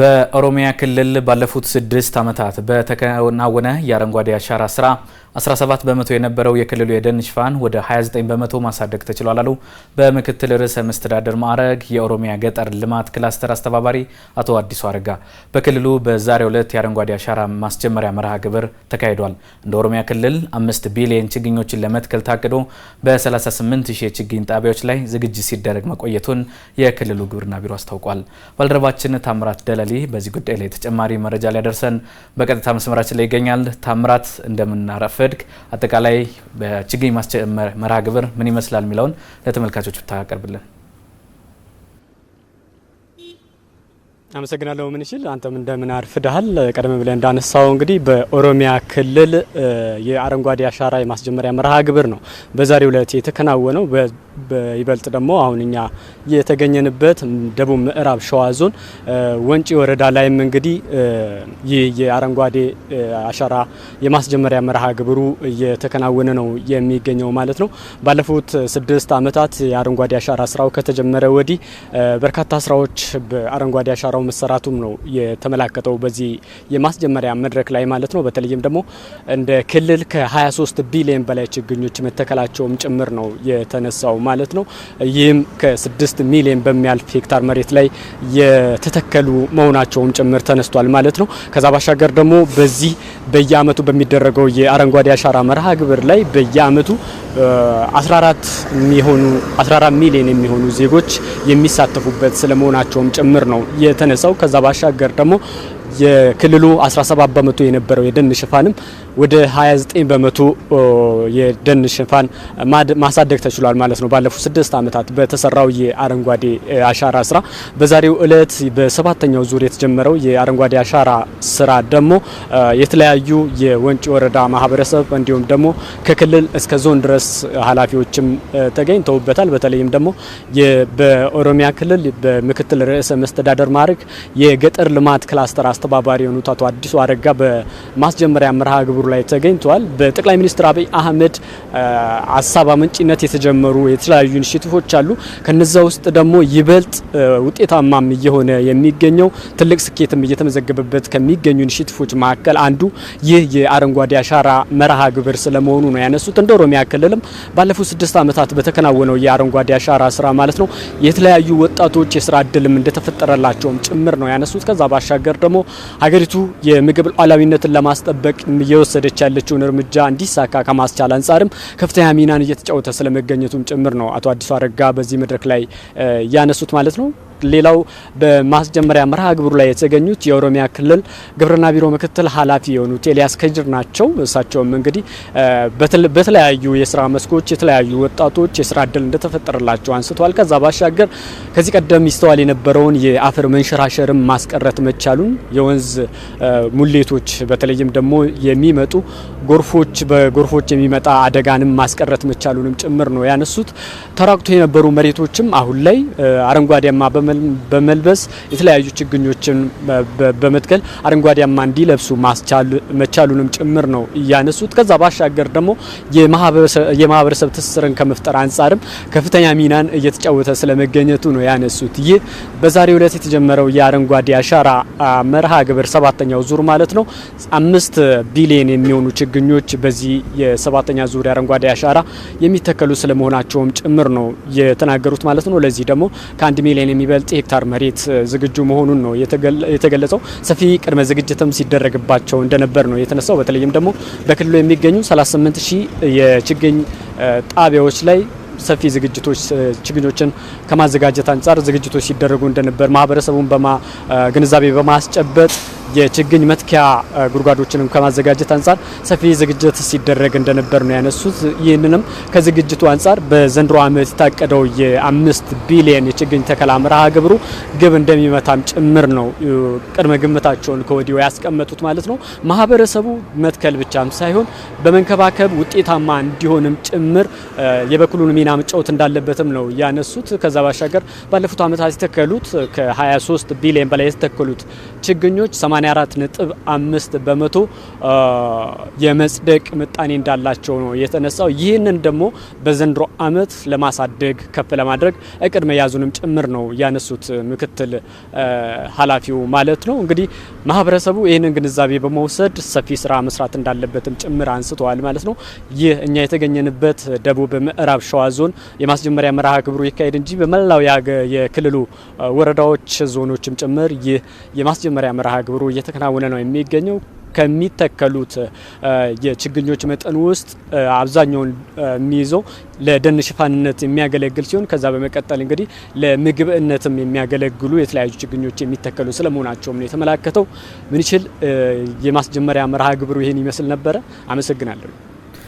በኦሮሚያ ክልል ባለፉት ስድስት ዓመታት በተከናወነ የአረንጓዴ አሻራ ስራ 17 በመቶ የነበረው የክልሉ የደን ሽፋን ወደ 29 በመቶ ማሳደግ ተችሏል አሉ በምክትል ርዕሰ መስተዳደር ማዕረግ የኦሮሚያ ገጠር ልማት ክላስተር አስተባባሪ አቶ አዲሱ አረጋ። በክልሉ በዛሬው ዕለት የአረንጓዴ አሻራ ማስጀመሪያ መርሃ ግብር ተካሂዷል። እንደ ኦሮሚያ ክልል 5 ቢሊየን ችግኞችን ለመትከል ታቅዶ በ38 ሺህ የችግኝ ጣቢያዎች ላይ ዝግጅት ሲደረግ መቆየቱን የክልሉ ግብርና ቢሮ አስታውቋል። ባልደረባችን ታምራት ደለሊ በዚህ ጉዳይ ላይ ተጨማሪ መረጃ ሊያደርሰን በቀጥታ መስመራችን ላይ ይገኛል። ታምራት እንደምናረፍ ወሰድክ አጠቃላይ በችግኝ ማስጀመር መርሃ ግብር ምን ይመስላል የሚለውን ለተመልካቾች ብታቀርብልን አመሰግናለሁ። ምን ይችል አንተም እንደምን አርፍደሃል። ቀደም ብለን እንዳነሳው እንግዲህ በኦሮሚያ ክልል የአረንጓዴ አሻራ የማስጀመሪያ መርሃ ግብር ነው በዛሬው ዕለት የተከናወነው። በይበልጥ ደግሞ አሁን እኛ የተገኘንበት ደቡብ ምዕራብ ሸዋ ዞን ወንጪ ወረዳ ላይም እንግዲህ ይህ የአረንጓዴ አሻራ የማስጀመሪያ መርሃ ግብሩ እየተከናወነ ነው የሚገኘው ማለት ነው። ባለፉት ስድስት ዓመታት የአረንጓዴ አሻራ ስራው ከተጀመረ ወዲህ በርካታ ስራዎች በአረንጓዴ አሻራው ስራው መሰራቱም ነው የተመላከተው በዚህ የማስጀመሪያ መድረክ ላይ ማለት ነው። በተለይም ደግሞ እንደ ክልል ከ23 ቢሊዮን በላይ ችግኞች መተከላቸውም ጭምር ነው የተነሳው ማለት ነው። ይህም ከ6 ሚሊዮን በሚያልፍ ሄክታር መሬት ላይ የተተከሉ መሆናቸውም ጭምር ተነስቷል ማለት ነው። ከዛ ባሻገር ደግሞ በዚህ በየአመቱ በሚደረገው የአረንጓዴ አሻራ መርሃ ግብር ላይ በየአመቱ 14 የሚሆኑ 14 ሚሊዮን የሚሆኑ ዜጎች የሚሳተፉበት ስለመሆናቸውም ጭምር ነው የተነሳው። ከዛ ባሻገር ደግሞ የክልሉ 17 በመቶ የነበረው የደን ሽፋንም ወደ 29 በመቶ የደን ሽፋን ማሳደግ ተችሏል ማለት ነው። ባለፉት ስድስት ዓመታት በተሰራው የአረንጓዴ አሻራ ስራ በዛሬው እለት በሰባተኛው ዙር የተጀመረው የአረንጓዴ አሻራ ስራ ደግሞ የተለያዩ የወንጪ ወረዳ ማህበረሰብ እንዲሁም ደግሞ ከክልል እስከ ዞን ድረስ ኃላፊዎችም ተገኝተውበታል። በተለይም ደግሞ በኦሮሚያ ክልል በምክትል ርዕሰ መስተዳደር ማዕረግ የገጠር ልማት ክላስተር አስተባባሪ የሆኑት አቶ አዲሱ አረጋ በማስጀመሪያ መርሃ ግብሩ ላይ ተገኝተዋል። በጠቅላይ ሚኒስትር አብይ አህመድ ሀሳብ አመንጭነት የተጀመሩ የተለያዩ ኢኒሽቲቮች አሉ። ከነዛ ውስጥ ደግሞ ይበልጥ ውጤታማም እየሆነ የሚገኘው ትልቅ ስኬትም እየተመዘገበበት ከሚገኙ ኢኒሽቲቮች መካከል አንዱ ይህ የአረንጓዴ አሻራ መርሃ ግብር ስለመሆኑ ነው ያነሱት። እንደ ኦሮሚያ ክልልም ባለፉት ስድስት ዓመታት በተከናወነው የአረንጓዴ አሻራ ስራ ማለት ነው የተለያዩ ወጣቶች የስራ እድልም እንደተፈጠረላቸውም ጭምር ነው ያነሱት። ከዛ ባሻገር ደግሞ ሀገሪቱ የምግብ ሉዓላዊነትን ለማስጠበቅ እየወሰደች ያለችውን እርምጃ እንዲሳካ ከማስቻል አንጻርም ከፍተኛ ሚናን እየተጫወተ ስለመገኘቱም ጭምር ነው አቶ አዲሱ አረጋ በዚህ መድረክ ላይ ያነሱት ማለት ነው። ሌላው በማስጀመሪያ መርሃ ግብሩ ላይ የተገኙት የኦሮሚያ ክልል ግብርና ቢሮ ምክትል ኃላፊ የሆኑት ኤልያስ ከጅር ናቸው። እሳቸውም እንግዲህ በተለያዩ የስራ መስኮች የተለያዩ ወጣቶች የስራ እድል እንደተፈጠረላቸው አንስተዋል። ከዛ ባሻገር ከዚህ ቀደም ይስተዋል የነበረውን የአፈር መንሸራሸርም ማስቀረት መቻሉን የወንዝ ሙሌቶች በተለይም ደግሞ የሚመጡ ጎርፎች በጎርፎች የሚመጣ አደጋንም ማስቀረት መቻሉንም ጭምር ነው ያነሱት። ተራቁቶ የነበሩ መሬቶችም አሁን ላይ አረንጓዴማ በመ በመልበስ የተለያዩ ችግኞችን በመትከል አረንጓዴያማ እንዲለብሱ መቻሉንም ጭምር ነው እያነሱት። ከዛ ባሻገር ደግሞ የማህበረሰብ ትስስርን ከመፍጠር አንጻርም ከፍተኛ ሚናን እየተጫወተ ስለመገኘቱ ነው ያነሱት። ይህ በዛሬው ዕለት የተጀመረው የአረንጓዴ አሻራ መርሃ ግብር ሰባተኛው ዙር ማለት ነው አምስት ቢሊዮን የሚሆኑ ችግኞች በዚህ የሰባተኛ ዙር የአረንጓዴ አሻራ የሚተከሉ ስለመሆናቸውም ጭምር ነው የተናገሩት ማለት ነው። ለዚህ ደግሞ ከአንድ ሚሊዮን የሚበል የሚበልጥ ሄክታር መሬት ዝግጁ መሆኑን ነው የተገለጸው። ሰፊ ቅድመ ዝግጅትም ሲደረግባቸው እንደነበር ነው የተነሳው። በተለይም ደግሞ በክልሉ የሚገኙ 38 ሺህ የችግኝ ጣቢያዎች ላይ ሰፊ ዝግጅቶች ችግኞችን ከማዘጋጀት አንጻር ዝግጅቶች ሲደረጉ እንደነበር ማህበረሰቡን ግንዛቤ በማስጨበጥ የችግኝ መትኪያ ጉድጓዶችንም ከማዘጋጀት አንጻር ሰፊ ዝግጅት ሲደረግ እንደነበር ነው ያነሱት። ይህንንም ከዝግጅቱ አንጻር በዘንድሮ ዓመት የታቀደው የአምስት ቢሊየን የችግኝ ተከላ መርሃ ግብሩ ግብ እንደሚመታም ጭምር ነው ቅድመ ግምታቸውን ከወዲሁ ያስቀመጡት ማለት ነው። ማህበረሰቡ መትከል ብቻም ሳይሆን በመንከባከብ ውጤታማ እንዲሆንም ጭምር የበኩሉን ሚና መጫወት እንዳለበትም ነው ያነሱት። ከዛ ባሻገር ባለፉት ዓመታት የተከሉት ከ23 ቢሊየን በላይ የተተከሉት ችግኞች አምስት በመቶ የመጽደቅ ምጣኔ እንዳላቸው ነው የተነሳው። ይህንን ደግሞ በዘንድሮ ዓመት ለማሳደግ ከፍ ለማድረግ እቅድ መያዙንም ጭምር ነው ያነሱት ምክትል ኃላፊው ማለት ነው። እንግዲህ ማህበረሰቡ ይህንን ግንዛቤ በመውሰድ ሰፊ ስራ መስራት እንዳለበትም ጭምር አንስተዋል ማለት ነው። ይህ እኛ የተገኘንበት ደቡብ ምዕራብ ሸዋ ዞን የማስጀመሪያ መርሃ ግብሩ ይካሄድ እንጂ በመላው የክልሉ ወረዳዎች፣ ዞኖችም ጭምር ይህ የማስጀመሪያ መርሃ ግብሩ እየተከናወነ ነው የሚገኘው። ከሚተከሉት የችግኞች መጠን ውስጥ አብዛኛውን የሚይዘው ለደን ሽፋንነት የሚያገለግል ሲሆን ከዛ በመቀጠል እንግዲህ ለምግብነትም የሚያገለግሉ የተለያዩ ችግኞች የሚተከሉ ስለመሆናቸውም ነው የተመላከተው። ምንችል የማስጀመሪያ መርሃ ግብሩ ይህን ይመስል ነበረ። አመሰግናለሁ።